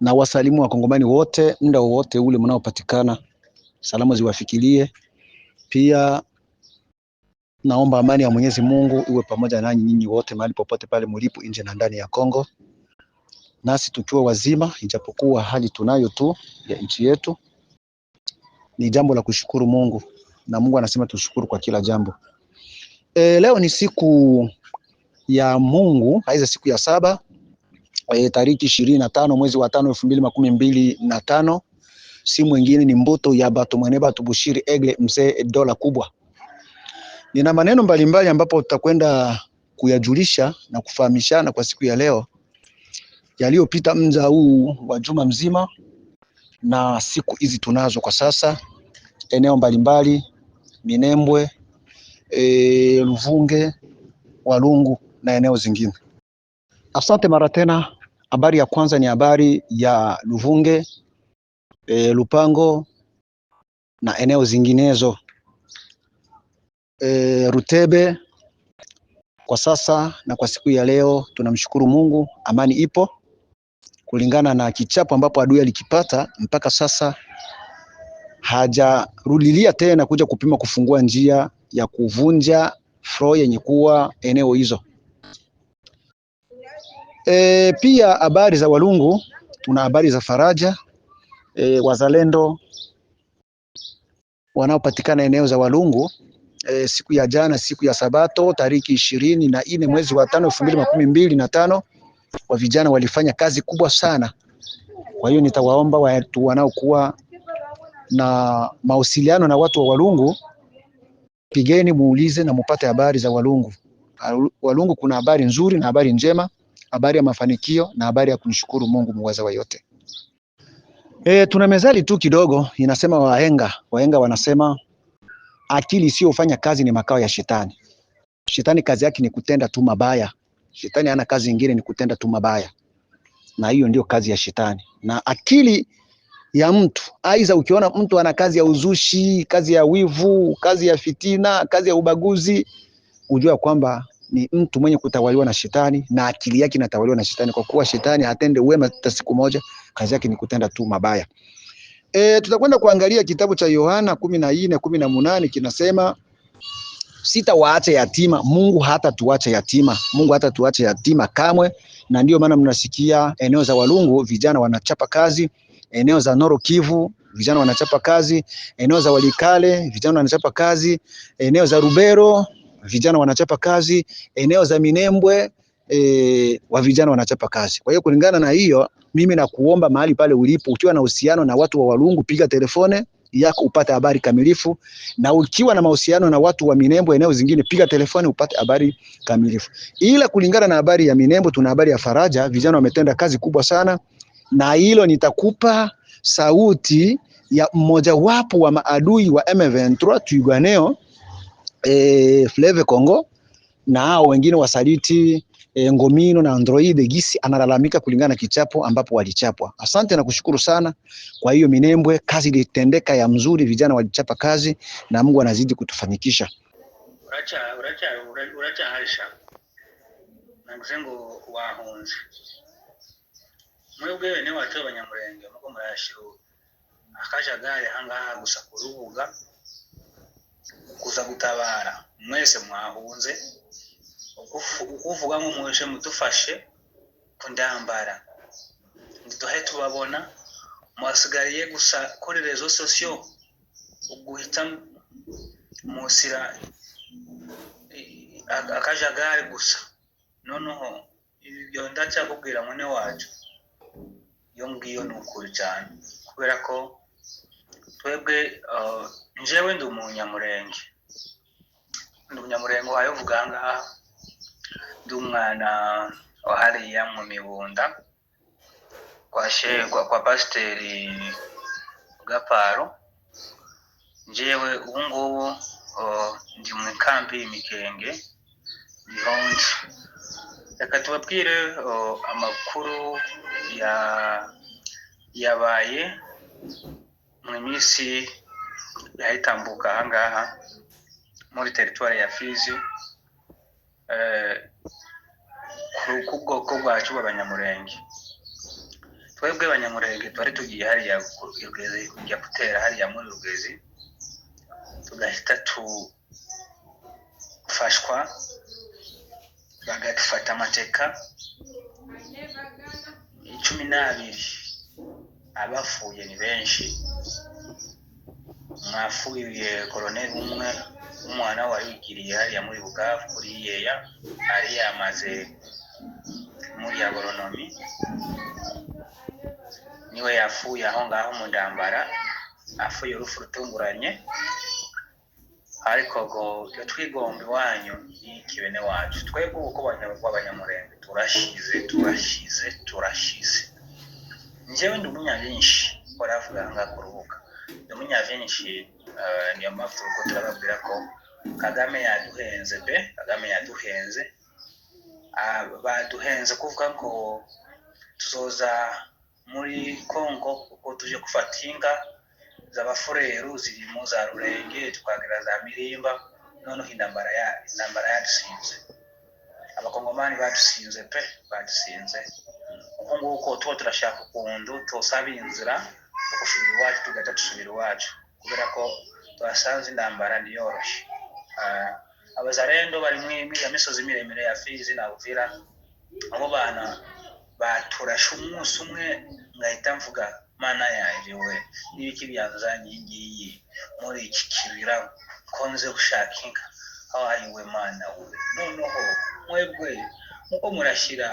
na wasalimu wakongomani wote muda wowote ule mnaopatikana, salamu ziwafikilie. Pia naomba amani ya Mwenyezi Mungu iwe pamoja nanyi nyinyi wote mahali popote pale mlipo nje na ndani ya Kongo, nasi tukiwa wazima, ijapokuwa hali tunayo tu ya nchi yetu. Ni jambo la kushukuru Mungu, na Mungu anasema tushukuru kwa kila jambo. E, leo ni siku ya Mungu, aidha siku ya saba e, tariki ishirini na tano mwezi wa tano elfu mbili makumi mbili na tano si mwingine ni Mbuto ya Bato Mwene Bushiri Egle mzee dola kubwa. Nina maneno mbalimbali ambapo tutakwenda kuyajulisha na kufahamishana kwa siku ya leo yaliyopita mza huu wa juma mzima na siku hizi tunazo kwa sasa eneo mbalimbali Minembwe, e, Luvunge, Walungu na eneo zingine. Asante mara tena. Habari ya kwanza ni habari ya Luvunge, e, Lupango na eneo zinginezo e, Rutebe. Kwa sasa na kwa siku ya leo tunamshukuru Mungu, amani ipo kulingana na kichapo ambapo adui alikipata mpaka sasa hajarudilia tena kuja kupima kufungua njia ya kuvunja fro yenye kuwa eneo hizo. E, pia habari za Walungu tuna habari za faraja e, wazalendo wanaopatikana eneo za Walungu e, siku ya jana, siku ya Sabato tariki ishirini na nne mwezi wa tano elfu mbili makumi mbili na tano wa vijana walifanya kazi kubwa sana. Kwa hiyo nitawaomba watu wanaokuwa na mawasiliano na watu wa Walungu, pigeni muulize na mupate habari za Walungu. Walungu kuna habari nzuri na habari njema habari ya mafanikio na habari ya kumshukuru Mungu muweza wa yote. E, tuna mezali tu kidogo inasema wahenga wahenga wanasema akili isiyofanya kazi ni makao ya shetani. Shetani kazi yake ni kutenda tu mabaya. Shetani hana kazi nyingine, ni kutenda tu mabaya, na hiyo ndio kazi ya shetani. Na akili ya mtu aiza, ukiona mtu ana kazi ya uzushi, kazi ya wivu, kazi ya fitina, kazi ya ubaguzi, ujua kwamba ni mtu mwenye kutawaliwa na shetani na akili yake inatawaliwa na shetani, kwa kuwa shetani hatende wema hata siku moja, kazi yake ni kutenda tu mabaya. E, tutakwenda kuangalia kitabu cha Yohana kumi na nne kumi na munane kinasema sitawaacha yatima, Mungu hata tuache yatima, Mungu hata tuache yatima kamwe. Na ndio maana mnasikia eneo za Walungu vijana wanachapa kazi, eneo za Noro Kivu vijana wanachapa kazi, eneo za Walikale vijana wanachapa kazi, eneo za Rubero vijana wanachapa kazi eneo za Minembwe e, wa vijana wanachapa kazi. Kwa hiyo kulingana na hiyo, mimi nakuomba mahali pale ulipo, ukiwa na uhusiano na watu wa Walungu, piga telefone yako upate habari kamilifu, na ukiwa na mahusiano na watu wa Minembwe eneo zingine, piga telefoni upate habari kamilifu. Ila kulingana na habari ya Minembwe, tuna habari ya Faraja, vijana wametenda kazi kubwa sana, na hilo nitakupa sauti ya mmoja wapo wa maadui wa M23 Twirwaneho e, Fleve Congo na hao wengine wasaliti e, Ngomino na Android gisi analalamika kulingana na kichapo ambapo walichapwa. Asante na kushukuru sana. Kwa hiyo Minembwe, kazi ilitendeka ya mzuri, vijana walichapa kazi na Mungu anazidi kutufanikisha. uracha uracha uracha Aisha na mzengo wa hunzi mwebwe watu wa nyamurenge muko murashiro akajagari hangaha gusa kurubuga kuza gutabara mwese mwahunze ukuvuga ngo muje mudufashe kundambara duhe tubabona mwasigariye gusa kuri rezo sosiyo guhita musira akajagari gusa noneho ibyo ndacyakubwira mune wacu iyo ngiyo ni ukuri cyane kubera ko twebwe ah, njyewe ndi umunyamurenge ndi umunyamurenge wayovuga aha ngaha ndi umwana wa hariya mu mibunda kwa shegwa kwa pasiteri gaparo njyewe ubu ngubu ndi mu ikambi y'imikenge bihonze reka tubabwire amakuru yabaye mu minsi yayitambuka ahangaha muri teritwari ya fizi eh, ku bwoko bwacu bw'abanyamurenge twebwe abanyamurenge twari tugiye hariya rugezi kujya gutera hariya muri rugezi tugahita tufashwa bagafata amateka cumi n'abiri abafuye ni benshi mwafuye koroneri umwe umwana wari hariya muri bukavu kuri yeya yari yamaze muri agoronomi niwe yafuye aho ngaho mu ndambara afuye urupfu rutunguranye ariko ngo iyo twigomba iwanyu n'ikibene wacu twebwe uko b'abanyamurenge turashize turashize turashize njyewe ndi umunyanyinshi waravuga ngaha ku ntimunye benshi eh, niyo mpamvu kuko turababwira ko kagame yaduhenze pe kagame yaduhenze ah, baduhenze kuvuga ngo tuzoza muri congo kuko tuje gufata inga z'abaforeru ziri za rurenge tukagira za mirimba noneho intambara ya intambara yadusinze abakongomani badusinze pe badusinze uko nguko tuba turashaka ukuntu tosaba inzira gusubira iwacu tugahita dusubira iwacu kubera ko twasanze intambara ntiyoroshye ah, abazarendo bari muri ya misozi miremire ya fizi nabuvira abo bana baturashe umunsi umwe ngahita mvuga mana yanjye we n'ibiki byanzanye iyi ngiyi muri iki kibira nze gushaka inka aho we mana we noneho mwebwe nkuko murashyira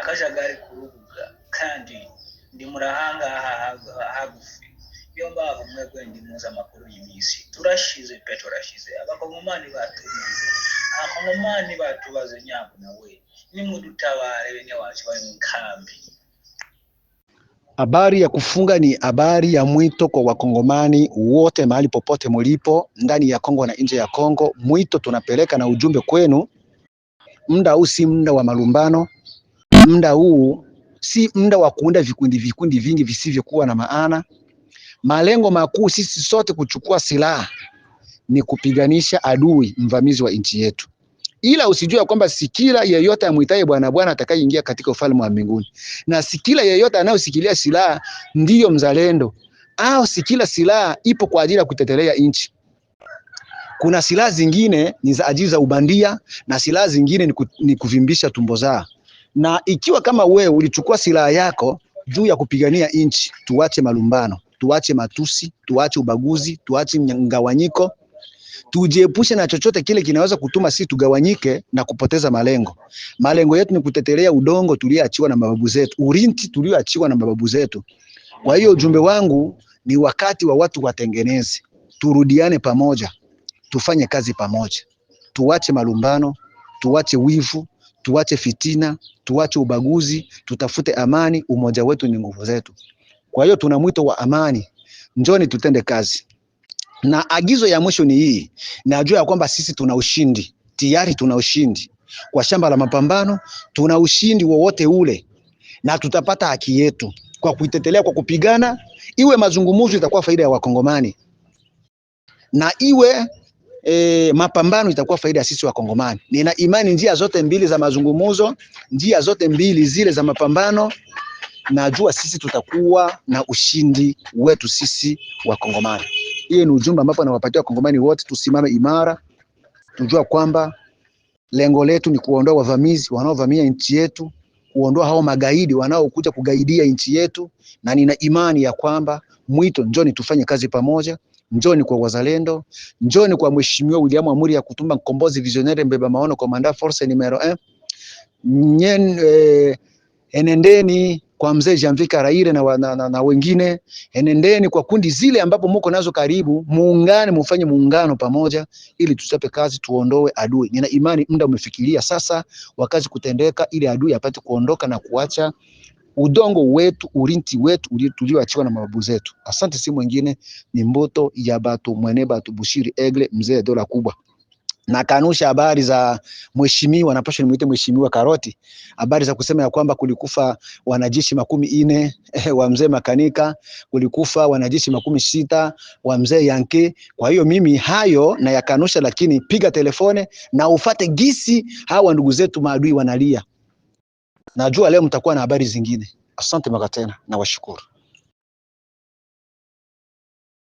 akajagari ku rubuga kandi ndi murahanga hagufi iyo mbavu mwe gwendi muza makuru yimisi turashize pe turashize abakongomani batumaze abakongomani batubaze nyango nawe nimudutabare bene wacu bari mu kambi Habari ya kufunga ni habari ya mwito kwa wakongomani wote mahali popote mulipo ndani ya Kongo na nje ya Kongo. Mwito tunapeleka na ujumbe kwenu, muda huu si muda wa malumbano, muda huu si muda wa kuunda vikundi vikundi vingi visivyokuwa na maana. Malengo makuu sisi sote kuchukua silaha ni kupiganisha adui mvamizi wa nchi yetu, ila usijue kwamba sikila yeyote amuitaye Bwana Bwana atakayeingia katika ufalme wa mbinguni, na sikila yeyote anayosikilia silaha ndiyo mzalendo, au sikila silaha ipo kwa ajili ya kutetelea nchi. Kuna silaha zingine ni za ajili za ubandia na silaha zingine ni kuvimbisha tumbo zao na ikiwa kama wewe ulichukua silaha yako juu ya kupigania nchi, tuache malumbano, tuache matusi, tuache ubaguzi, tuache mgawanyiko, tujiepushe na chochote kile kinaweza kutuma sisi tugawanyike na kupoteza malengo. Malengo yetu ni kutetelea udongo tulioachiwa na mababu zetu, urinti tulioachiwa na mababu zetu. Kwa hiyo ujumbe wangu ni wakati wa watu watengeneze, turudiane pamoja, tufanye kazi pamoja, tuache malumbano, tuache wivu, tuache fitina, tuache ubaguzi, tutafute amani. Umoja wetu ni nguvu zetu. Kwa hiyo tuna mwito wa amani, njoni tutende kazi. Na agizo ya mwisho ni hii, najua ya kwamba sisi tuna ushindi tayari, tuna ushindi kwa shamba la mapambano, tuna ushindi wowote ule, na tutapata haki yetu kwa kuitetelea, kwa kupigana, iwe mazungumzo, itakuwa faida ya Wakongomani na iwe e, mapambano itakuwa faida ya sisi Wakongomani. Nina imani njia zote mbili za mazungumzo, njia zote mbili zile za mapambano, najua sisi tutakuwa na ushindi wetu sisi Wakongomani. Hiyo ni ujumbe ambapo nawapatia Wakongomani wote, tusimame imara, tujua kwamba lengo letu ni kuondoa wavamizi wanaovamia nchi yetu, kuondoa hao magaidi wanaokuja kugaidia nchi yetu, na nina imani ya kwamba mwito, njoni tufanye kazi pamoja Njoni kwa wazalendo, njoni kwa mheshimiwa William Amuri ya kutumba mkombozi visionnaire mbeba maono komanda force numero 1 nyen eh, enendeni kwa mzee Jamvika Raire na, na, na, na wengine, enendeni kwa kundi zile ambapo muko nazo karibu, muungane, mufanye muungano pamoja, ili tuchape kazi, tuondoe adui. Nina imani muda umefikiria sasa wa kutendeka, ili adui apate kuondoka na kuacha udongo wetu, urinti wetu tulioachiwa na mababu zetu. Asante, si mwingine ni mboto ya batu mwene batu Bushiri Egle, mzee dola kubwa na kanusha habari za mheshimiwa, napasha nimuite mheshimiwa Karoti, habari za kusema ya kwamba kulikufa wanajeshi makumi ine eh, wa mzee Makanika, kulikufa wanajeshi makumi sita wa mzee Yanke. Kwa hiyo mimi hayo na yakanusha, lakini piga telefone na ufate gisi hawa ndugu zetu maadui wanalia. Najua leo mtakuwa na habari zingine. Asante mara tena na washukuru.